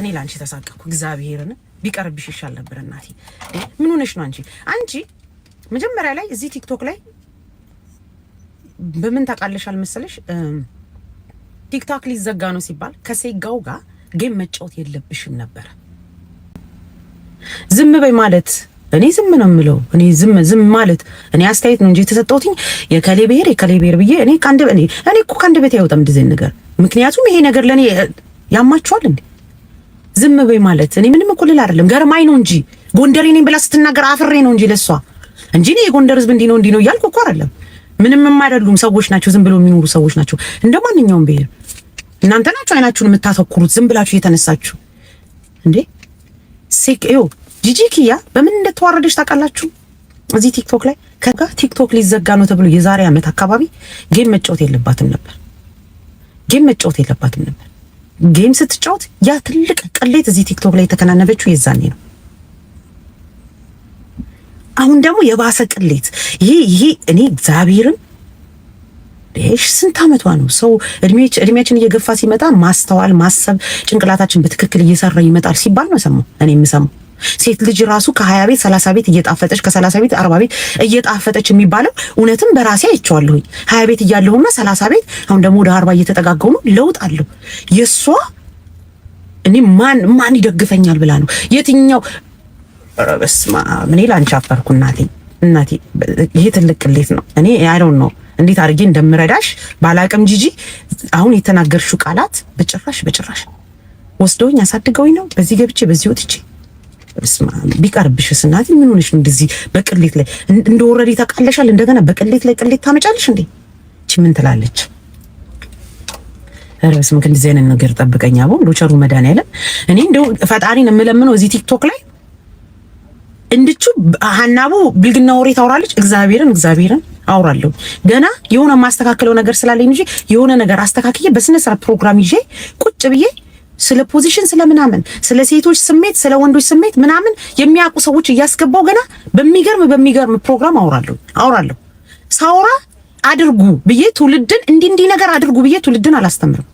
እኔ ለአንቺ ተሳቀኩ። እግዚአብሔርን ቢቀርብሽ ይሻል ነበር እናቴ። ምን ሆነሽ ነው አንቺ? አንቺ መጀመሪያ ላይ እዚህ ቲክቶክ ላይ በምን ታውቃለሻል መሰለሽ? ቲክቶክ ሊዘጋ ነው ሲባል ከሴጋው ጋር ጌም መጫወት የለብሽም ነበረ። ዝም በይ ማለት እኔ ዝም ነው የምለው። እኔ ዝም ዝም ማለት እኔ አስተያየት ነው እንጂ የተሰጠሁት የከሌ ብሄር የከሌ ብሄር ብዬ እኔ ካንድ እኔ እኔ እኮ ካንድ ቤት አይወጣም እንደዚህ ነገር። ምክንያቱም ይሄ ነገር ለኔ ያማችኋል እንዴ ዝም በይ ማለት እኔ ምንም እኮ ልል አይደለም፣ ገርማኝ ነው እንጂ ጎንደሬ ነኝ ብላ ስትናገር አፍሬ ነው እንጂ ለሷ እንጂ እኔ የጎንደር ህዝብ እንዲህ ነው እንዲህ ነው እያልኩ እኮ አይደለም። ምንም አይደሉም፣ ሰዎች ናቸው። ዝም ብሎ የሚኖሩ ሰዎች ናቸው እንደ ማንኛውም ብሄር። እናንተ ናችሁ አይናችሁን የምታተኩሩት ዝም ብላችሁ እየተነሳችሁ እንዴ። ሴክ ጂጂ ኪያ በምን እንደተዋረደች ታውቃላችሁ? እዚህ ቲክቶክ ላይ ከጋ ቲክቶክ ሊዘጋ ነው ተብሎ የዛሬ ዓመት አካባቢ ጌም መጫወት የለባትም ነበር። ጌም መጫወት የለባትም ነበር። ጌም ስትጫወት ያ ትልቅ ቅሌት እዚህ ቲክቶክ ላይ የተከናነበችው የዛኔ ነው። አሁን ደግሞ የባሰ ቅሌት ይሄ ይሄ እኔ እግዚአብሔርን እሺ፣ ስንት አመቷ ነው ሰው እድሜያችን እየገፋ ሲመጣ ማስተዋል፣ ማሰብ ጭንቅላታችን በትክክል እየሰራ ይመጣል ሲባል ነው ሰማሁ እኔ የምሰማው ሴት ልጅ ራሱ ከሀያ ቤት ሰላሳ ቤት እየጣፈጠች ከሰላሳ ቤት አርባ ቤት እየጣፈጠች የሚባለው እውነትም በራሴ አይቼዋለሁኝ። ሀያ ቤት እያለሁና ሰላሳ ቤት አሁን ደግሞ ወደ አርባ እየተጠጋገሙ ለውጥ አለው የእሷ እኔ ማን ማን ይደግፈኛል ብላ ነው የትኛው በስማ ምን ላንቺ አፈርኩ እናቴ እናቴ ይሄ ትልቅ ቅሌት ነው እኔ አይ ዶንት ኖ እንዴት አድርጌ እንደምረዳሽ ባላቅም ጂጂ አሁን የተናገርሽው ቃላት በጭራሽ በጭራሽ ወስደውኝ አሳድገውኝ ነው በዚህ ገብቼ በዚህ ወጥቼ ቢቀርብሽ እናቴ ምን ሆነሽ እንደዚህ በቅሌት ላይ እንደ ወረዴ ታቃለሻል። እንደገና በቅሌት ላይ ቅሌት ታመጫለሽ እንዴ? እቺ ምን ትላለች? ኧረ በስመ አብ እንደዚህ አይነት ነገር ጠብቀኛ። አቦ ዶቸሩ መድኃኒዓለም እኔ እንደው ፈጣሪን የምለምነው እዚህ ቲክቶክ ላይ እንድቹ ሀናቡ ብልግና ወሬ ታውራለች። እግዚአብሔርን እግዚአብሔርን አውራለሁ ገና የሆነ የማስተካከለው ነገር ስላለኝ እንጂ የሆነ ነገር አስተካክዬ በስነ ስርዓት ፕሮግራም ይዤ ቁጭ ብዬ ስለ ፖዚሽን፣ ስለ ምናምን፣ ስለ ሴቶች ስሜት፣ ስለ ወንዶች ስሜት ምናምን የሚያውቁ ሰዎች እያስገባው ገና በሚገርም በሚገርም ፕሮግራም አውራለሁ አውራለሁ ሳውራ አድርጉ ብዬ ትውልድን እንዲህ እንዲህ ነገር አድርጉ ብዬ ትውልድን አላስተምርም።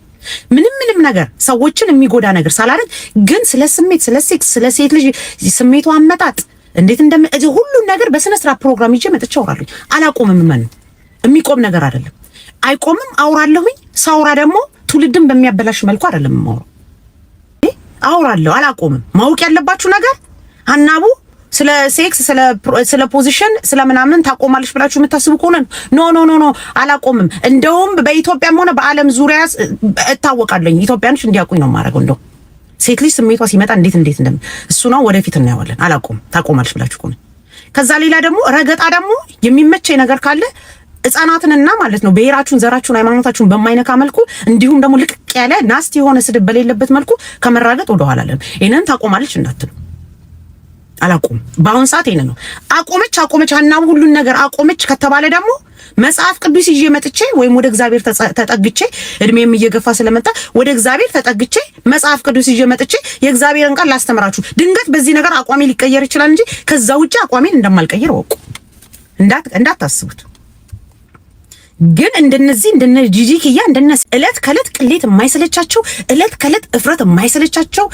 ምንም ምንም ነገር ሰዎችን የሚጎዳ ነገር ሳላደርግ ግን ስለ ስሜት፣ ስለ ሴክስ፣ ስለ ሴት ልጅ ስሜቱ አመጣጥ እንዴት እንደም ሁሉን ነገር በስነ ስርዓት ፕሮግራም ይዤ መጥቼ አውራለሁ። አላቆምም። ምን የሚቆም ነገር አይደለም። አይቆምም። አውራለሁኝ። ሳውራ ደግሞ ትውልድን በሚያበላሽ መልኩ አይደለም የማውራው። አውራለሁ፣ አላቆምም። ማወቅ ያለባችሁ ነገር አናቡ ስለ ሴክስ ስለ ፖዚሽን ስለ ምናምን ታቆማለች ብላችሁ የምታስቡ ከሆነ ኖ ኖ ኖ ኖ አላቆምም። እንደውም በኢትዮጵያም ሆነ በዓለም ዙሪያ እታወቃለኝ። ኢትዮጵያኖች እንዲያውቁኝ ነው የማደርገው። እንደው ሴት ልጅ ስሜቷ ሲመጣ እንዴት እንዴት እንደም እሱ ነው ወደፊት እናየዋለን። አላቆም ታቆማለች ብላችሁ ከሆነ ከዛ ሌላ ደግሞ ረገጣ ደግሞ የሚመቸኝ ነገር ካለ ህጻናትንና ማለት ነው ብሔራችሁን፣ ዘራችሁን፣ ሃይማኖታችሁን በማይነካ መልኩ እንዲሁም ደግሞ ልቅቅ ያለ ናስቲ የሆነ ስድብ በሌለበት መልኩ ከመራገጥ ወደኋላ አለን። ይህንን ታቆማለች እንዳትሉ አላቁም። በአሁን ሰዓት ይሄን ነው። አቆመች አቆመች ሀናቡ ሁሉን ነገር አቆመች ከተባለ ደግሞ መጽሐፍ ቅዱስ ይዤ መጥቼ ወይም ወደ እግዚአብሔር ተጠግቼ እድሜም እየገፋ ስለመጣ ወደ እግዚአብሔር ተጠግቼ መጽሐፍ ቅዱስ ይዤ መጥቼ የእግዚአብሔርን ቃል ላስተምራችሁ። ድንገት በዚህ ነገር አቋሜ ሊቀየር ይችላል እንጂ ከዛ ውጭ አቋሜን እንደማልቀይር ወቁ። እንዳታስቡት። ግን እንደነዚህ እንደነ ጂጂ እንደነ እለት ከእለት ቅሌት የማይሰለቻቸው እለት ከእለት እፍረት የማይሰለቻቸው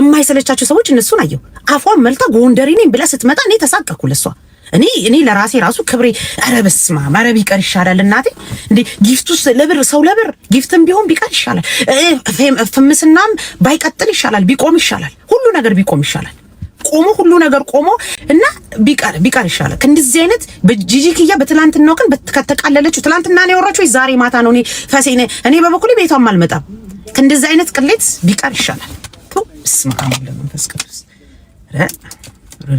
የማይሰለቻቸው ሰዎች እነሱን አየሁ። አፏን መልታ ጎንደሬ ነኝ ብላ ስትመጣ እኔ ተሳቀኩ ለሷ። እኔ እኔ ለራሴ ራሱ ክብሬ ኧረ በስመ አብ ኧረ ቢቀር ይሻላል እናቴ እንዴ ጊፍቱስ ለብር ሰው ለብር ጊፍትም ቢሆን ቢቀር ይሻላል። ፍምስናም ባይቀጥል ይሻላል፣ ቢቆም ይሻላል፣ ሁሉ ነገር ቢቆም ይሻላል። ቆሞ ሁሉ ነገር ቆሞ እና ቢቀር ቢቀር ይሻላል። እንደዚህ አይነት በጂጂ ኪያ በትላንትናው ቀን ከተቃለለችው ትላንትና ነው ያወራችው፣ ዛሬ ማታ ነው። እኔ ፈሴ ነኝ። እኔ በበኩሌ ቤቷም አልመጣም። እንደዚህ አይነት ቅሌት ቢቀር ይሻላል። ስማ ለመንፈስ ቅዱስ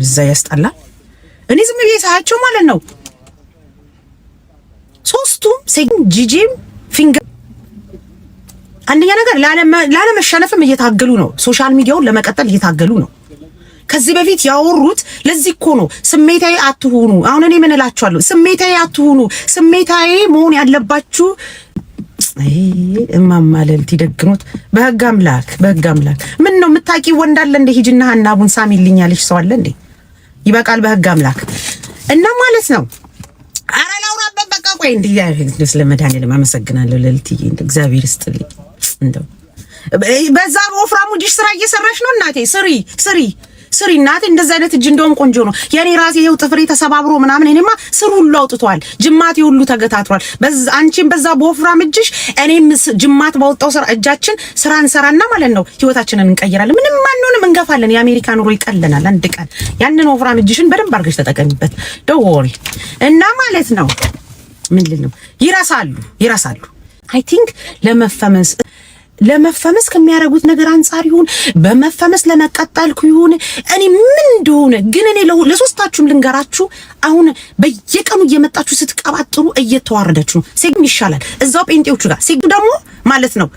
እዛ ያስጠላል። እኔ ዝም ብዬ ሳያቸው ማለት ነው ሶስቱም ጂጂም ፊንገር አንደኛ ነገር ላለመሸነፍም እየታገሉ ነው። ሶሻል ሚዲያውን ለመቀጠል እየታገሉ ነው። ከዚህ በፊት ያወሩት ለዚህ እኮ ነው። ስሜታዊ አትሁኑ። አሁን እኔ ምን እላችኋለሁ? ስሜታዊ አትሁኑ። ስሜታዊ መሆን ያለባችሁ እማማለል ትደግኑት። በህግ አምላክ፣ በህግ አምላክ። ምን ነው የምታውቂ ወንድ አለ እንደ ሂጅና ሀናቡን ሳሚልኝ ያለሽ ሰው አለ እንዴ? ይበቃል። በህግ አምላክ እና ማለት ነው ኧረ ላውራበት በቃ ቆይ። እንዲህ ስለ መድኃኒዓለም አመሰግናለሁ ልዕልትዬ፣ እንደው እግዚአብሔር ይስጥልኝ። እንደው በዛ በወፍራሙ ዲሽ ስራ እየሰራሽ ነው እናቴ። ስሪ ስሪ ስሪ እናቴ። እንደዚህ አይነት እጅ እንደውም ቆንጆ ነው። የኔ ራሴ ይሄው ጥፍሬ ተሰባብሮ ምናምን እኔማ ስር ሁሉ አውጥቷል፣ ጅማቴ ሁሉ ተገታትሯል። በዛ አንቺም በዛ በወፍራም እጅሽ እኔም ጅማት ባወጣው ስራ እጃችን ስራ እንሰራና ማለት ነው ህይወታችንን እንቀይራለን። ምንም ማንንም እንገፋለን። የአሜሪካ ኑሮ ይቀለናል አንድ ቀን። ያንን ወፍራም እጅሽን በደንብ አድርገሽ ተጠቀሚበት። ደወሪ እና ማለት ነው ምን ልል ነው ይረሳሉ፣ ይረሳሉ። አይ ቲንክ ለመፈመንስ ለመፈመስ ከሚያደርጉት ነገር አንጻር ይሁን በመፈመስ ለመቀጠልኩ ይሁን እኔ ምን እንደሆነ ግን እኔ ለሶስታችሁም ልንገራችሁ። አሁን በየቀኑ እየመጣችሁ ስትቀባጥሩ እየተዋረደችሁ ነው። ሴግም ይሻላል እዛው ጴንጤዎቹ ጋር ሴግ ደግሞ ማለት ነው።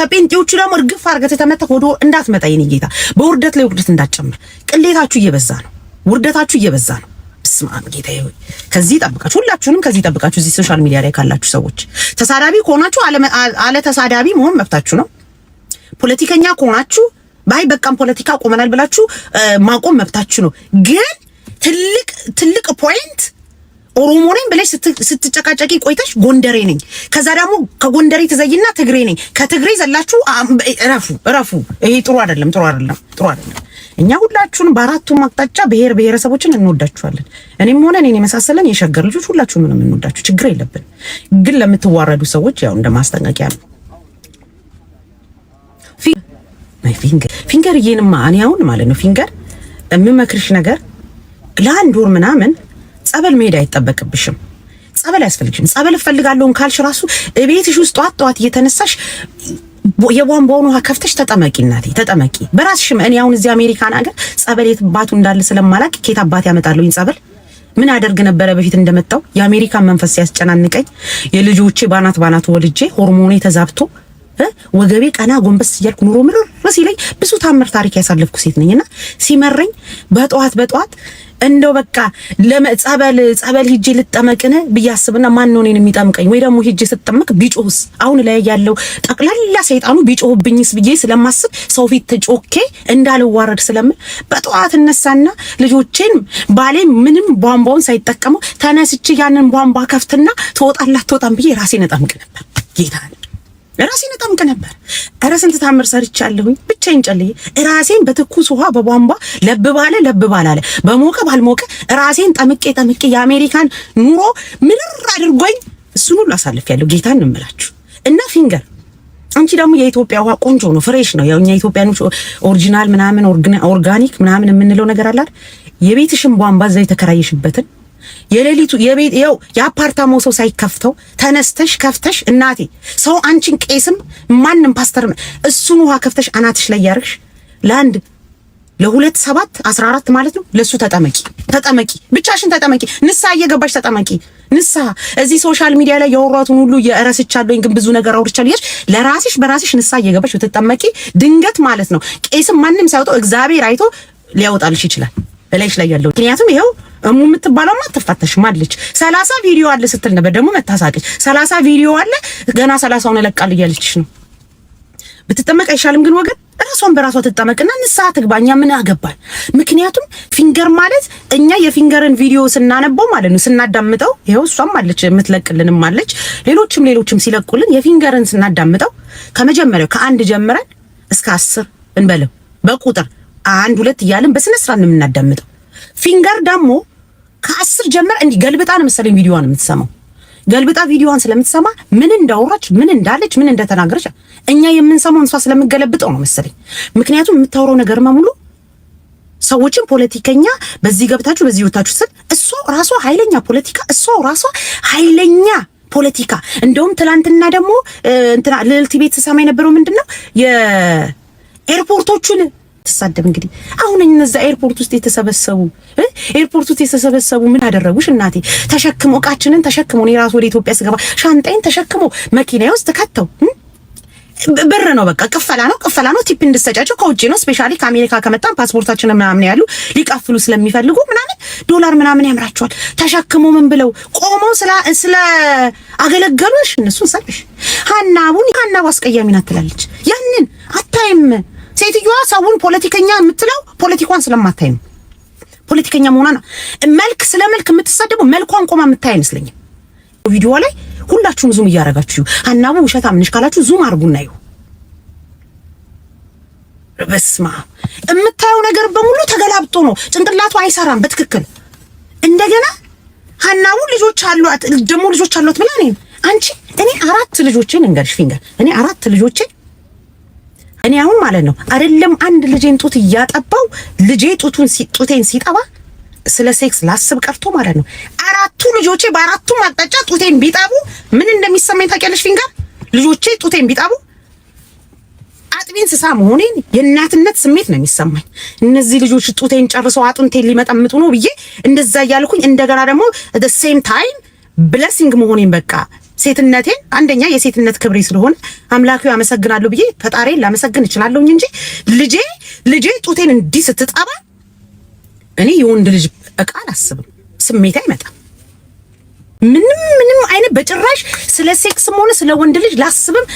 ከጴንጤዎቹ ደግሞ እርግፍ አድርገህ ተተመተህ ወደ እንዳትመጣ የኔ ጌታ፣ በውርደት ላይ ውርደት እንዳትጨምር። ቅሌታችሁ እየበዛ ነው፣ ውርደታችሁ እየበዛ ነው። በስመ አብ ጌታ ሆይ ከዚህ ይጠብቃችሁ፣ ሁላችሁንም ከዚህ ይጠብቃችሁ። እዚህ ሶሻል ሚዲያ ላይ ካላችሁ ሰዎች ተሳዳቢ ከሆናችሁ አለ ተሳዳቢ መሆን መብታችሁ ነው። ፖለቲከኛ ከሆናችሁ ባይ በቃም ፖለቲካ ቆመናል ብላችሁ ማቆም መብታችሁ ነው። ግን ትልቅ ትልቅ ፖይንት ኦሮሞ ነኝ ብለሽ ስትጨቃጨቂ ቆይተሽ ጎንደሬ ነኝ፣ ከዛ ደግሞ ከጎንደሬ ትዘይና ትግሬ ነኝ፣ ከትግሬ ዘላችሁ እረፉ እረፉ። ይሄ ጥሩ አይደለም፣ ጥሩ አይደለም፣ ጥሩ አይደለም። እኛ ሁላችሁን በአራቱም አቅጣጫ ብሔር ብሔረሰቦችን እንወዳችኋለን። እኔም ሆነ እኔን የመሳሰለን የሸገር ልጆች ሁላችሁ ምንም እንወዳችሁ፣ ችግር የለብን። ግን ለምትዋረዱ ሰዎች ያው እንደ ማስጠንቀቂያ ነው። ፊንገር ፊንገር ይሄንማ እኔ አሁን ማለት ነው ፊንገር የምመክርሽ ነገር ለአንድ ወር ምናምን ጸበል መሄድ አይጠበቅብሽም። ጸበል አያስፈልግሽም። ጸበል እፈልጋለሁን ካልሽ ራሱ ቤትሽ ውስጥ ጠዋት ጠዋት እየተነሳሽ የቧንቧውን ውሃ ከፍተሽ ተጠመቂ እናቴ ተጠመቂ በራስሽ። እኔ አሁን እዚህ አሜሪካን ሀገር ጸበል የትባቱ እንዳለ ስለማላቅ ኬት አባት ያመጣለሁ ጸበል ምን አደርግ ነበረ በፊት እንደመጣው የአሜሪካን መንፈስ ሲያስጨናንቀኝ የልጆቼ ባናት ባናት ወልጄ ሆርሞኔ ተዛብቶ ወገቤ ቀና ጎንበስ እያልኩ ኑሮ ምርር ሲለኝ ብዙ ታምር ታሪክ ያሳለፍኩ ሴት ነኝና ሲመረኝ በጠዋት በጠዋት እንደው በቃ ለጸበል ጸበል ሂጄ ልጠመቅን ብዬ ማን ነው እኔን የሚጠምቀኝ? ወይ ደግሞ ሂጄ ስጠመቅ ቢጮህስ? አሁን ላይ ያለው ጠቅላላ ሰይጣኑ ቢጮህብኝስ ብዬ ስለማስብ ሰው ፊት ተጮኬ እንዳልዋረድ ስለምን በጠዋት እነሳና ልጆቼን ባሌ ምንም ቧንቧውን ሳይጠቀመው ተነስቼ ያንን ቧንቧ ከፍትና ትወጣላት ትወጣም ብዬ ራሴን እጠምቅ ነበር ጌታ ራሴን እጠምቅ ነበር። ኧረ ስንት ታምር ሰርቻለሁኝ። ብቻዬን ጨልዬ ራሴን በትኩስ ውሃ በቧንቧ ለብ ባለ ለብ ባላለ በሞቀ ባልሞቀ ራሴን ጠምቄ ጠምቄ የአሜሪካን ኑሮ ምርር አድርጎኝ እሱን ሁሉ አሳልፌያለሁ። ጌታን እንምላችሁ እና ፊንገር አንቺ ደግሞ የኢትዮጵያ ውሃ ቆንጆ ነው፣ ፍሬሽ ነው። ያው እኛ ኢትዮጵያን ኦሪጂናል ምናምን ኦርጋኒክ ምናምን የምንለው ነገር አላል። የቤትሽን ቧንቧ እዛ የተከራየሽበትን የሌሊቱ የቤት ያው የአፓርታማው ሰው ሳይከፍተው ተነስተሽ ከፍተሽ እናቴ ሰው አንቺን ቄስም ማንም ፓስተርም እሱን ውሃ ከፍተሽ አናትሽ ላይ ያርግሽ ለአንድ ለሁለት ሰባት አስራ አራት ማለት ነው። ለሱ ተጠመቂ ተጠመቂ፣ ብቻሽን ተጠመቂ፣ ንስሐ እየገባሽ ተጠመቂ ንስሐ። እዚህ ሶሻል ሚዲያ ላይ ያወራቱን ሁሉ የረስቻለሁኝ፣ ግን ብዙ ነገር አውርቻለሁ ይልሽ ለራስሽ በራስሽ ንስሐ እየገባሽ ብትጠመቂ ድንገት ማለት ነው ቄስም ማንም ሳይወጣው እግዚአብሔር አይቶ ሊያወጣልሽ ይችላል። እላይሽ ላይ ያለው ምክንያቱም ይኸው እሙ የምትባለው አትፈተሽም አለች። ሰላሳ ቪዲዮ አለ ስትል ነበር። ደግሞ መታሳቀች። ሰላሳ ቪዲዮ አለ ገና ሰላሳውን እለቃለሁ እያለችሽ ነው። ብትጠመቅ አይሻልም ግን ወገን? ራሷን በራሷ ትጠመቅና ንስሐ ትግባ። እኛ ምን ያገባል? ምክንያቱም ፊንገር ማለት እኛ የፊንገርን ቪዲዮ ስናነበው ማለት ነው ስናዳምጠው፣ ይኸው እሷም አለች የምትለቅልንም አለች፣ ሌሎችም ሌሎችም ሲለቁልን የፊንገርን ስናዳምጠው ከመጀመሪያው ከአንድ ጀምረን እስከ አስር እንበለው በቁጥር አንድ ሁለት እያልን በስነ ስርዓት ነው የምናዳምጠው። ፊንገር ደግሞ ከአስር ጀምር እንዲህ ገልብጣ ነው መሰለኝ ቪዲዮዋን የምትሰማው። ገልብጣ ቪዲዮዋን ስለምትሰማ ምን እንዳወራች፣ ምን እንዳለች፣ ምን እንደተናገረች እኛ የምንሰማው እንሷ ስለምገለብጠው ነው መሰለኝ። ምክንያቱም የምታወራው ነገር ሙሉ ሰዎችን ፖለቲከኛ በዚህ ገብታችሁ በዚህ ወታችሁ ስል እሷ ራሷ ኃይለኛ ፖለቲካ እሷ ራሷ ኃይለኛ ፖለቲካ። እንደውም ትላንትና ደግሞ እንትና ልዕልት ቤት ስሰማ የነበረው ምንድነው የኤርፖርቶቹን አትሳደብ። እንግዲህ አሁን እነዛ ኤርፖርት ውስጥ የተሰበሰቡ ኤርፖርት ውስጥ የተሰበሰቡ ምን አደረጉሽ እናቴ? ተሸክሞ እቃችንን ተሸክሞ እኔ ራሱ ወደ ኢትዮጵያ ስገባ ሻንጣይን ተሸክሞ መኪና ውስጥ ከተው ብር ነው በቃ ቀፈላ ነው ቅፈላ ነው። ቲፕ እንድሰጫቸው ከውጭ ነው ስፔሻሊ ከአሜሪካ ከመጣን ፓስፖርታችን ምናምን ያሉ ሊቀፍሉ ስለሚፈልጉ ምናምን ዶላር ምናምን ያምራቸዋል። ተሸክሞ ምን ብለው ቆመው ስለ አገለገሉሽ እነሱን ሰብሽ ሀናቡን ሀናቡ አስቀያሚ ናት ትላለች። ያንን አታይም ሴትዮዋ ሰውን ፖለቲከኛ የምትለው ፖለቲኳን ስለማታይ ነው። ፖለቲከኛ መሆኗ ነው። መልክ ስለ መልክ የምትሳደበው መልኳን ቆማ የምታይ አይመስለኝም። ቪዲዮ ላይ ሁላችሁም ዙም እያረጋችሁ አናቡ ውሸታም ነሽ ካላችሁ ዙም አርጉና ይሁ በስማ የምታየው ነገር በሙሉ ተገላብጦ ነው። ጭንቅላቱ አይሰራም በትክክል እንደገና ሀናቡ ልጆች አሏት ደግሞ ልጆች አሏት ብላ እኔን አንቺ እኔ አራት ልጆቼን እንገርሽ ፊንገር እኔ አራት ልጆቼን እኔ አሁን ማለት ነው አይደለም አንድ ልጄን ጡት እያጠባው ልጄ ጡቱን ጡቴን ሲጠባ ስለ ሴክስ ላስብ ቀርቶ ማለት ነው አራቱ ልጆቼ በአራቱም አቅጣጫ ጡቴን ቢጠቡ ምን እንደሚሰማኝ ታውቂያለሽ? ፊንጋር ልጆቼ ጡቴን ቢጠቡ አጥቢን እንስሳ መሆኔን የእናትነት ስሜት ነው የሚሰማኝ። እነዚህ ልጆች ጡቴን ጨርሰው አጥንቴን ሊመጠምጡ ነው ብዬ እንደዛ እያልኩኝ እንደገና ደግሞ ሴም ታይም ብለሲንግ መሆኔን በቃ ሴትነቴ አንደኛ የሴትነት ክብሬ ስለሆነ አምላኩ አመሰግናለሁ ብዬ ፈጣሪ ላመሰግን እችላለሁኝ እንጂ ልጄ ልጄ ጡቴን እንዲህ ስትጠባ እኔ የወንድ ልጅ እቃ አላስብም። ስሜት አይመጣም። ምንም ምንም አይነት በጭራሽ ስለ ሴክስም ሆነ ስለ ወንድ ልጅ ላስብም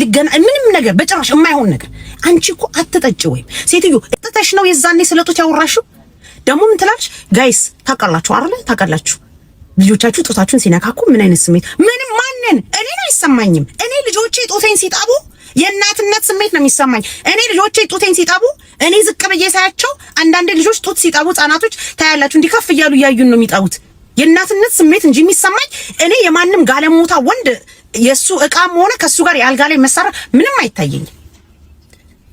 ልገና ምንም ነገር በጭራሽ የማይሆን ነገር። አንቺ እኮ አትጠጭ ወይም ሴትዮ እጥተሽ ነው የዛኔ ስለጡት ያወራሽው። ደግሞ ምን ጋይስ ታውቃላችሁ አይደለ? ታውቃላችሁ ልጆቻችሁ ጦታችሁን ሲነካኩ ምን አይነት ስሜት ምንም ማንን እኔን አይሰማኝም። እኔ ልጆቼ ጦቴን ሲጠቡ የእናትነት ስሜት ነው የሚሰማኝ። እኔ ልጆቼ ጡቴን ሲጠቡ እኔ ዝቅ ብዬ ሳያቸው፣ አንዳንድ ልጆች ጡት ሲጠቡ ህጻናቶች ታያላችሁ፣ እንዲከፍ እያሉ እያዩን ነው የሚጠቡት። የእናትነት ስሜት እንጂ የሚሰማኝ እኔ የማንም ጋለሞታ ወንድ የእሱ እቃም ሆነ ከእሱ ጋር የአልጋ ላይ መሰራ ምንም አይታየኝ።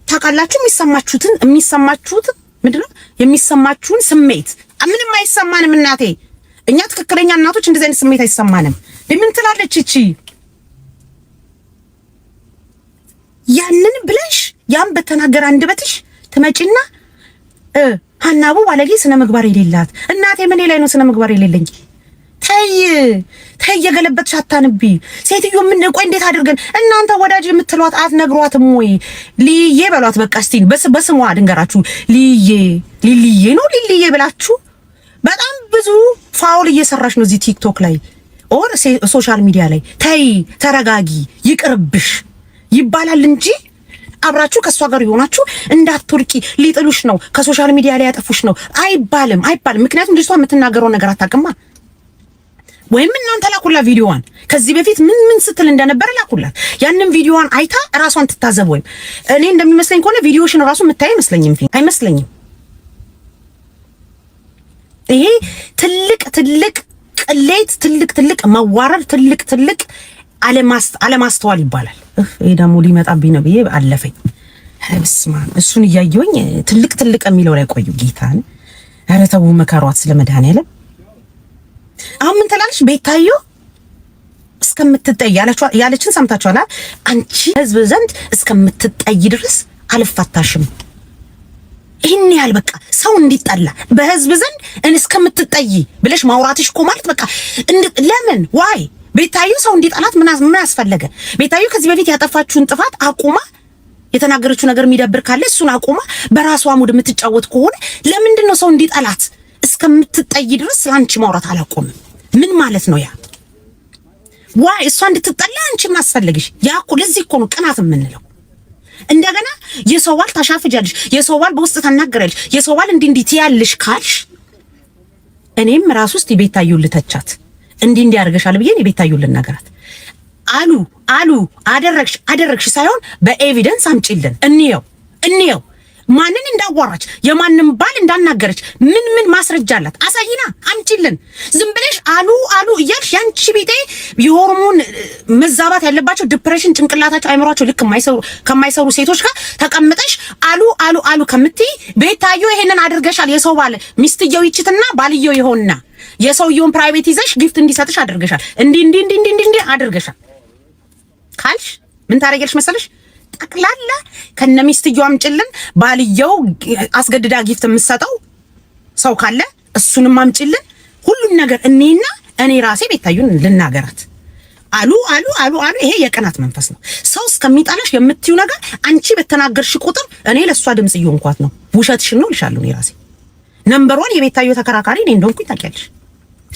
ታውቃላችሁ፣ የሚሰማችሁትን የሚሰማችሁት ምንድነው የሚሰማችሁን ስሜት ምንም አይሰማንም እናቴ እኛ ትክክለኛ እናቶች እንደዚህ አይነት ስሜት አይሰማንም። ለምን ትላለች እቺ? ያንን ብለሽ ያን በተናገረ አንደበትሽ ትመጪና ሀናቡ ባለጌ ስነ ምግባር የሌላት እናቴ፣ ምን ላይ ነው ስነ ምግባር የሌለኝ? ተይ ተይ፣ የገለበጥሽ አታንቢ ሴትዮ። ምን ቆይ፣ እንዴት አድርገን እናንተ ወዳጅ የምትሏት አትነግሯትም ወይ? ልዬ በሏት በቃ። እስቲ በስሟ ድንገራችሁ ልዬ ሊልዬ ነው ሊልዬ ብላችሁ በጣም ብዙ ፋውል እየሰራሽ ነው እዚህ ቲክቶክ ላይ ኦር ሶሻል ሚዲያ ላይ። ተይ ተረጋጊ፣ ይቅርብሽ ይባላል እንጂ አብራችሁ ከእሷ ጋር የሆናችሁ እንዳትወርቂ፣ ሊጥሉሽ ነው፣ ከሶሻል ሚዲያ ላይ ያጠፉሽ ነው አይባልም፣ አይባልም። ምክንያቱም ልጅቷ የምትናገረው ነገር አታውቅማ። ወይም እናንተ ላኩላት ቪዲዮዋን ከዚህ በፊት ምን ምን ስትል እንደነበረ ላኩላት። ያንን ቪዲዮዋን አይታ ራሷን ትታዘብ። ወይም እኔ እንደሚመስለኝ ከሆነ ቪዲዮሽን ራሱ የምታይ አይመስለኝም፣ አይመስለኝም ይሄ ትልቅ ትልቅ ቅሌት፣ ትልቅ ትልቅ መዋረድ፣ ትልቅ ትልቅ አለማስተዋል ይባላል። ይሄ ደግሞ ሊመጣብኝ ነው ብዬ አለፈኝ። በስመ እሱን እያየሁኝ ትልቅ ትልቅ የሚለው ላይ ቆዩ። ጌታን ኧረ ተው መከሯት ስለ መድኃኒዓለም አሁን ምን ትላለች ቤታዮ እስከምትጠይ ያለችን ሰምታችኋል። አንቺ ህዝብ ዘንድ እስከምትጠይ ድረስ አልፋታሽም። ይህን ያህል በቃ ሰው እንዲጠላ በህዝብ ዘንድ እስከምትጠይ ብለሽ ማውራትሽ እኮ ማለት በቃ ለምን ዋይ ቤታዩ ሰው እንዲጠላት ምን አስፈለገ? ቤታዩ ከዚህ በፊት ያጠፋችሁን ጥፋት አቁማ የተናገረችው ነገር የሚደብር ካለ እሱን አቁማ በራሷ ሙድ የምትጫወት ከሆነ ለምንድን ነው ሰው እንዲጠላት እስከምትጠይ ድረስ ለአንቺ ማውራት አላቆምም? ምን ማለት ነው ያ? ዋይ እሷ እንድትጠላ አንቺ ምን ማስፈልግሽ ያ እኮ ለዚህ እኮ ነው ቅናት የምንለው። እንደገና የሰው ባል ታሻፍጃለሽ፣ የሰው ባል በውስጥ ታናገራለሽ፣ የሰው ባል እንዲህ እንዲህ ትያለሽ ካልሽ እኔም ራሱ ውስጥ ቤታዩ ልተቻት እንዲህ እንዲህ አድርገሻል ብዬ ቤታዩ ልናገራት አሉ አሉ አደረግሽ አደረግሽ ሳይሆን በኤቪደንስ አምጪልን እንየው እንየው ማንን እንዳዋራች የማንም ባል እንዳናገረች ምን ምን ማስረጃ አላት? አሳይና አምጪልን። ዝም ብለሽ አሉ አሉ እያልሽ ያንቺ ቢጤ የሆርሞን መዛባት ያለባቸው ዲፕሬሽን፣ ጭንቅላታቸው አይምሯቸው ልክ ከማይሰሩ ሴቶች ጋር ተቀምጠሽ አሉ አሉ አሉ ከምትይ ቤታዮ ይሄንን አድርገሻል። የሰው ባል ሚስትየው ይችትና ባልየው ይሆንና የሰውየውን ፕራይቬት ይዘሽ ጊፍት እንዲሰጥሽ አድርገሻል። እንዲ እንዲ እንዲ እንዲ እንዲ አድርገሻል ካልሽ ምን ታደርጊያለሽ መሰለሽ? ጠቅላላ ከነ ሚስትየው አምጪልን። ባልየው አስገድዳ ጊፍት የምሰጠው ሰው ካለ እሱንም አምጭልን። ሁሉን ነገር እኔና እኔ ራሴ ቤታዩን ልናገራት አሉ አሉ አሉ አሉ። ይሄ የቅናት መንፈስ ነው። ሰው እስከሚጣላሽ የምትዩ ነገር አንቺ በተናገርሽ ቁጥር እኔ ለእሷ ድምፅ እየሆንኳት ነው። ውሸትሽን ነው ልሻለሁ። እኔ ራሴ ዋን የቤታዩ ተከራካሪ እኔ እንደሆንኩኝ ታውቂያለሽ።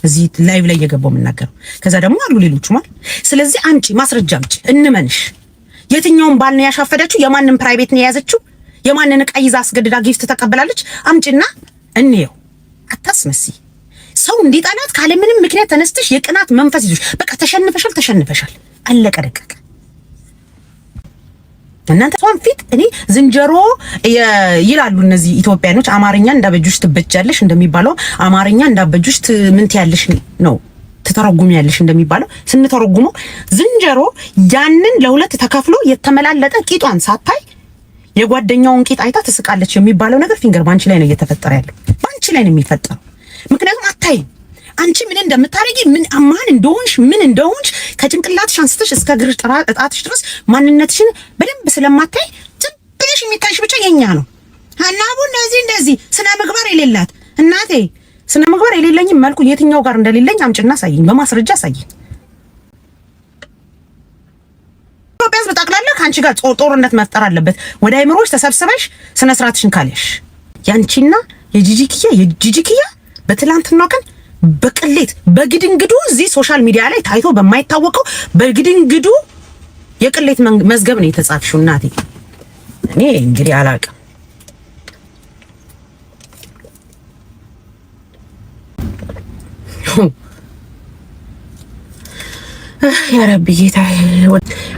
እዚህ ላይቭ ላይ እየገባው የምናገረው ከዛ ደግሞ አሉ ሌሎቹ ማለት ስለዚህ አምጪ ማስረጃ አምጪ እንመንሽ የትኛውን ባል ነው ያሻፈደችው? የማንን ፕራይቬት ነው የያዘችው? የማንን እቃ ይዛ አስገድዳ ጊፍት ተቀበላለች? አምጪና እንየው። አታስመሲ። ሰው እንዲጠላት ካለምንም ምክንያት ተነስተሽ የቅናት መንፈስ ይዞሽ በቃ ተሸንፈሻል፣ ተሸንፈሻል። አለቀ ደቀቀ። እናንተ ሷን ፊት እኔ ዝንጀሮ ይላሉ እነዚህ ኢትዮጵያኖች። አማርኛ እንዳበጁሽ ትበጃለሽ እንደሚባለው አማርኛ እንዳበጁሽ ምን ትያለሽ ነው ያለሽ እንደሚባለው ስንተረጉመው ዝንጀሮ ያንን ለሁለት ተከፍሎ የተመላለጠ ቂጧን ሳታይ የጓደኛውን ቂጥ አይታ ትስቃለች የሚባለው ነገር ፊንገር ባንቺ ላይ ነው እየተፈጠረ ያለው። ባንቺ ላይ ነው የሚፈጠረው። ምክንያቱም አታይም አንቺ ምን እንደምታደርጊ ምን አማን እንደሆንሽ ምን እንደሆንሽ ከጭንቅላትሽ አንስተሽ እስከ እግር ጣትሽ ድረስ ማንነትሽን በደንብ ስለማታይ ትብልሽ የሚታይሽ ብቻ የኛ ነው። ሀናቡ እንደዚህ እንደዚህ ስነ ምግባር የሌላት እናቴ ስነ ምግባር የሌለኝም መልኩ የትኛው ጋር እንደሌለኝ አምጭና አሳየኝ፣ በማስረጃ አሳየኝ። ኢትዮጵያ ሕዝብ ጠቅላላ ከአንቺ ጋር ጦርነት መፍጠር አለበት። ወደ አይምሮች ተሰብስበሽ ስነ ስርዓትሽን ካልያሽ ያንቺና የጂጂክያ የጂጂክያ በትላንትና ቀን በቅሌት በግድንግዱ እዚህ ሶሻል ሚዲያ ላይ ታይቶ በማይታወቀው በግድንግዱ የቅሌት መዝገብ ነው የተጻፍሽው። እናቴ እኔ እንግዲህ አላቅም። የለውም። ያረቢ ጌታ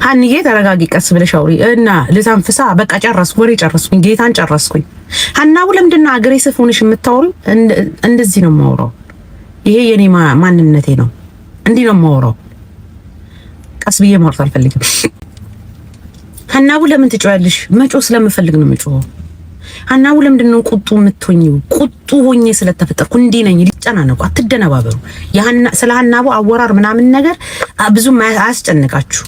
ሀንዬ ተረጋጊ፣ ቀስ ብለሽ አውሪ እና ልተንፍሳ። በቃ ጨረስኩ፣ ወሬ ጨረስኩኝ፣ ጌታን ጨረስኩኝ። ሀናቡ ለምንድን ነው አግሬሲቭ ሆነሽ የምታወሪ? እንደዚህ ነው የማወራው። ይሄ የኔ ማንነቴ ነው። እንዲህ ነው የማወራው። ቀስ ብዬ ማውራት አልፈልግም። ሀናቡ ለምን ትጮያለሽ? መጮ ስለምፈልግ ነው የምጮኸው። ሀናቡ ለምንድን ነው ቁጡ የምትሆኝው? ቁጡ ሆኜ ስለተፈጠርኩ እንዴ ነኝ። ሊጨናነቁ አትደነባበሩ። ስለ ሀናቡ አወራር ምናምን ነገር ብዙም አያስጨንቃችሁ።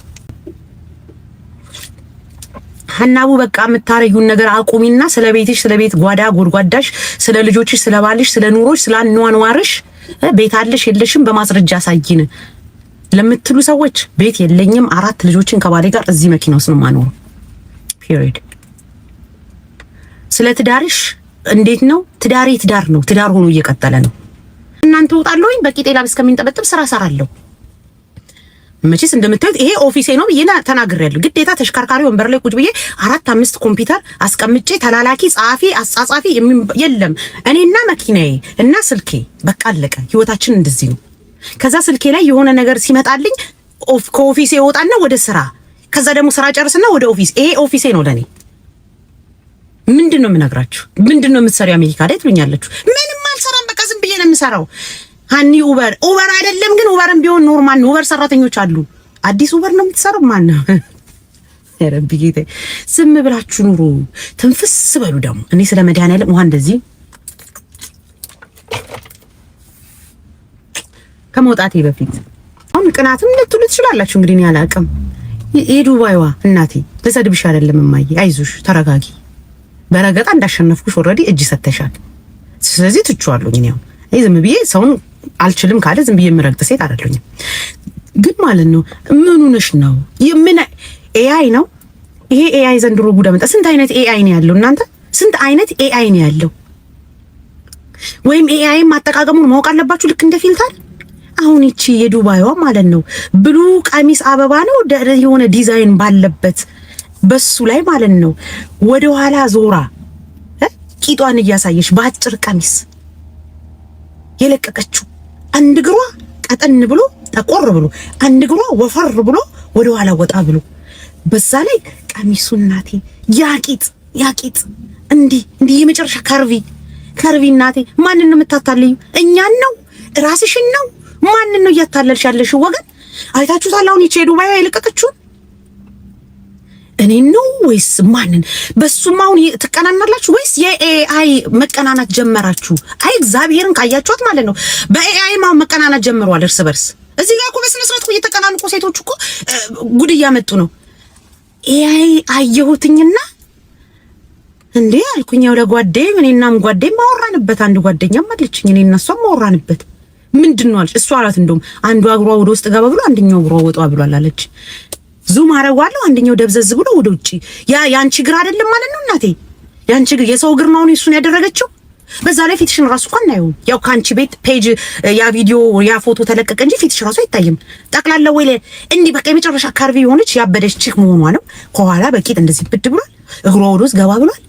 ሀናቡ በቃ የምታረጊውን ነገር አቁሚና ስለ ቤትሽ፣ ስለ ቤት ጓዳ ጎድጓዳሽ፣ ስለ ልጆችሽ፣ ስለ ባልሽ፣ ስለ ኑሮሽ፣ ስለ አኗኗርሽ ቤት አለሽ የለሽም በማስረጃ አሳይን ለምትሉ ሰዎች ቤት የለኝም፣ አራት ልጆችን ከባሌ ጋር እዚህ መኪና ውስጥ ነው ማኖሩ ፒሪድ ስለ ትዳርሽ እንዴት ነው? ትዳሬ ትዳር ነው። ትዳር ሆኖ እየቀጠለ ነው። እናንተ ወጣለሁኝ በቂጤ ላብ እስከሚንጠበጥብ ስራ ሰራለሁ። መቼስ እንደምታዩት ይሄ ኦፊሴ ነው ብዬ ተናግሬያለሁ። ግዴታ ተሽከርካሪ ወንበር ላይ ቁጭ ብዬ አራት አምስት ኮምፒውተር አስቀምጬ ተላላኪ፣ ጸሐፊ፣ አጻጻፊ የለም። እኔና መኪናዬ እና ስልኬ በቃ አለቀ። ህይወታችን እንደዚህ ነው። ከዛ ስልኬ ላይ የሆነ ነገር ሲመጣልኝ ከኦፊሴ ወጣና ወደ ስራ፣ ከዛ ደግሞ ስራ ጨርስና ወደ ኦፊስ። ይሄ ኦፊሴ ነው ለኔ። ምንድን ነው የምነግራችሁ? ምንድን ነው የምትሰሪው አሜሪካ ላይ ትሉኛላችሁ። ምንም አልሰራም፣ በቃ ዝም ብዬ ነው የምሰራው። ሀኒ ኡበር ኡበር አይደለም ግን ኡበርም ቢሆን ኖርማል ነው። ኡበር ሰራተኞች አሉ። አዲስ ኡበር ነው የምትሰራው ማን ነው? ረቢ ጌታ፣ ዝም ብላችሁ ኑሩ፣ ትንፍስ በሉ። ደግሞ እኔ ስለ መድኃኒዓለም ውሃ እንደዚህ ከመውጣቴ በፊት አሁን ቅናትም ልትሉ ትችላላችሁ። እንግዲህ እኔ አላቅም። የዱባይዋ እናቴ ልሰድብሽ አይደለም፣ እማዬ አይዞሽ፣ ተረጋጊ በረገጣ እንዳሸነፍኩሽ ኦልሬዲ እጅ ሰተሻል። ስለዚህ ትችዋለሁኝ። እኔ አሁን ዝም ብዬ ሰውን አልችልም ካለ ዝም ብዬ የምረግጥ ሴት አይደለሁኝም። ግን ማለት ነው ምን ሆነሽ ነው የምን ኤአይ ነው ይሄ ኤአይ ዘንድሮ ጉዳ መጣ። ስንት አይነት ኤአይ ነው ያለው እናንተ? ስንት አይነት ኤአይ ነው ያለው? ወይም ኤአይም አጠቃቀሙን ማወቅ አለባችሁ። ልክ እንደ ፊልተር አሁን ይቺ የዱባይዋ ማለት ነው ብሉ ቀሚስ አበባ ነው የሆነ ዲዛይን ባለበት በሱ ላይ ማለት ነው። ወደ ኋላ ዞራ ቂጧን እያሳየች በአጭር ቀሚስ የለቀቀችው አንድ እግሯ ቀጠን ብሎ ጠቆር ብሎ አንድ እግሯ ወፈር ብሎ ወደ ኋላ ወጣ ብሎ በዛ ላይ ቀሚሱ እናቴ ያቂጥ ያቂጥ እንዲህ እንዲህ የመጨረሻ ከርቪ ከርቪ እናቴ ማንን ነው የምታታለዩ? እኛን ነው ራስሽን ነው ማንን ነው እያታለልሽ ያለሽው? ወገን አይታችሁታል። አሁን ይቼ ዱባይ የለቀቀችውን እኔ ነው ወይስ ማንን? በሱም አሁን ትቀናናላችሁ ወይስ የኤአይ መቀናናት ጀመራችሁ? አይ እግዚአብሔርን ካያችኋት ማለት ነው። በኤአይ ማሁን መቀናናት ጀምረዋል እርስ በርስ። እዚህ ጋር እኮ በስነ ስርዓት እየተቀናኑ እኮ ሴቶች እኮ ጉድ እያመጡ ነው። ኤአይ አየሁትኝና እንዴ አልኩኝ። ያው ለጓደኛዬ እኔናም ጓደኛዬ ማወራንበት አንድ ጓደኛም አለችኝ። እኔ እና እሷ ማወራንበት ምንድን ነው አለች። እሷ አላት እንደውም አንዱ አግሯ ወደ ውስጥ ገባ ብሎ አንደኛው አግሯ ወጣ ብሏል አለች። ዙም አረጓለሁ። አንደኛው ደብዘዝ ብሎ ወደ ውጪ። ያ ያንቺ እግር አይደለም ማለት ነው እናቴ፣ ያንቺ እግር የሰው እግር ነው እሱን ያደረገችው። በዛ ላይ ፊትሽን ራሱ እንኳን አናየውም። ያው ከአንቺ ቤት ፔጅ ያ ቪዲዮ ያ ፎቶ ተለቀቀ እንጂ ፊትሽ ራሱ አይታይም። ጠቅላላ ወይ እንዲህ በቃ የመጨረሻ ካርቪ የሆነች ያበደች ቺክ መሆኗ ነው። ከኋላ በቂጥ እንደዚህ ብድ ብሏል፣ እግሯ ወደ ውስጥ ገባ ብሏል።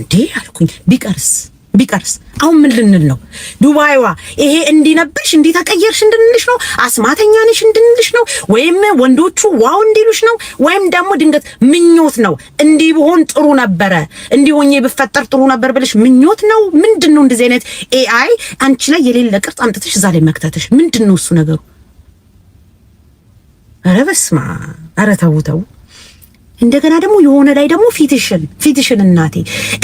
እንዴ አልኩኝ ቢቀርስ ቢቀርስ አሁን ምን ልንል ነው? ዱባይዋ ይሄ እንዲነብሽ እንዲ ተቀየርሽ እንድንልሽ ነው? አስማተኛ ነሽ እንድንልሽ ነው? ወይም ወንዶቹ ዋው እንዲሉሽ ነው? ወይም ደግሞ ድንገት ምኞት ነው፣ እንዲህ ብሆን ጥሩ ነበረ፣ እንዲህ ሆኜ ብፈጠር ጥሩ ነበር ብለሽ ምኞት ነው? ምንድን ነው እንደዚህ አይነት ኤአይ አንቺ ላይ የሌለ ቅርጽ አምጥተሽ እዛ ላይ መክተትሽ ምንድን ነው እሱ ነገሩ? ኧረ በስመ አብ! ኧረ ተው ተው እንደገና ደግሞ የሆነ ላይ ደግሞ ፊትሽን ፊትሽን እናቴ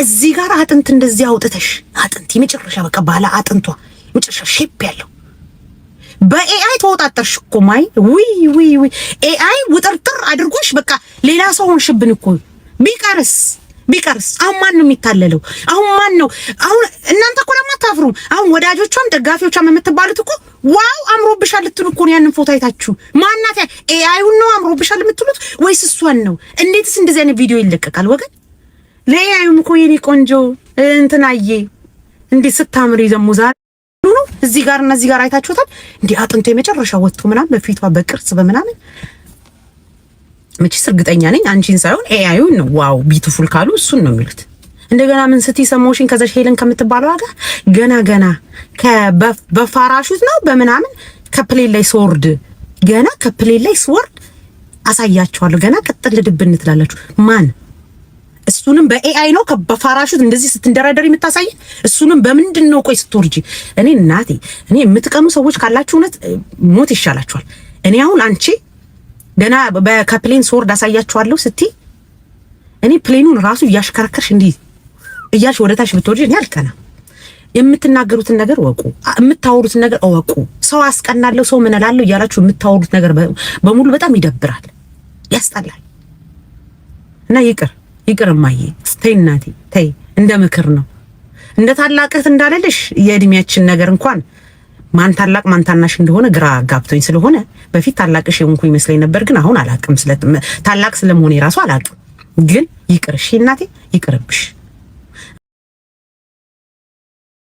እዚህ ጋር አጥንት እንደዚህ አውጥተሽ አጥንት የመጨረሻ በቃ ባለ አጥንቷ መጨረሻ ሼፕ ያለው በኤአይ ተወጣጠርሽ እኮ ማይ ውይ ውይ ውይ ኤአይ ውጥርጥር አድርጎሽ በቃ ሌላ ሰው ሆንሽብን እኮ ቢቀርስ ቢቀርስ አሁን ማን ነው የሚታለለው? አሁን ማን ነው አሁን እናንተ እኮ ደግሞ አሁን ወዳጆቿም ደጋፊዎቿም የምትባሉት እኮ ዋው አምሮብሻል ልትሉ እኮ ነው ያንን ፎቶ አይታችሁ። ማናት ኤአይውን ነው አምሮብሻል የምትሉት ወይስ እሷን ነው? እንዴትስ እንደዚህ አይነት ቪዲዮ ይለቀቃል ወገን? ለኤአይም እኮ የኔ ቆንጆ እንትናዬ እንዴት ስታምሪ ደግሞ ዛሬ ነው እዚህ ጋር እና እዚህ ጋር አይታችሁታል። እንዲህ አጥንቶ የመጨረሻ ወጥቶ ምናምን በፊቷ በቅርጽ በምናምን መቼስ እርግጠኛ ነኝ አንቺን ሳይሆን ኤአይውን ነው ዋው ቢዩቲፉል ካሉ እሱን ነው የሚሉት። እንደገና ምን ስቲ ሰሞሽን ከዛ ሄለን ከምትባለው ጋር ገና ገና በፋራሹት ነው በምናምን ከፕሌን ላይ ስወርድ ገና ከፕሌን ላይ ስወርድ አሳያቸዋለሁ። ገና ቀጥል ድብን ትላላችሁ። ማን እሱንም በኤአይ ነው በፋራሹት እንደዚህ ስትንደረደር የምታሳይ እሱንም በምንድን ነው? ቆይ ስትወርጂ እኔ እናቴ እኔ የምትቀሙ ሰዎች ካላችሁ እውነት ሞት ይሻላችኋል። እኔ አሁን አንቺ ገና ከፕሌን ስወርድ አሳያችኋለሁ ስቲ እኔ ፕሌኑን ራሱ እያሽከረከርሽ እንዲህ እያልሽ ወደ ታች ብትወርጂ እኔ አልቀናም። የምትናገሩትን ነገር ወቁ፣ የምታወሩትን ነገር እወቁ። ሰው አስቀናለሁ፣ ሰው ምን እላለሁ እያላችሁ የምታወሩት ነገር በሙሉ በጣም ይደብራል፣ ያስጠላል። እና ይቅር ይቅር እማዬ፣ ተይ እናቴ፣ ተይ እንደ ምክር ነው እንደ ታላቅት እንዳለልሽ የእድሜያችን ነገር እንኳን ማን ታላቅ ማን ታናሽ እንደሆነ ግራ ጋብቶኝ ስለሆነ በፊት ታላቅሽ የሆንኩኝ ይመስለኝ ነበር፣ ግን አሁን አላቅም። ታላቅ ስለመሆኔ ራሱ አላቅም። ግን ይቅርሽ እናቴ፣ ይቅርብሽ።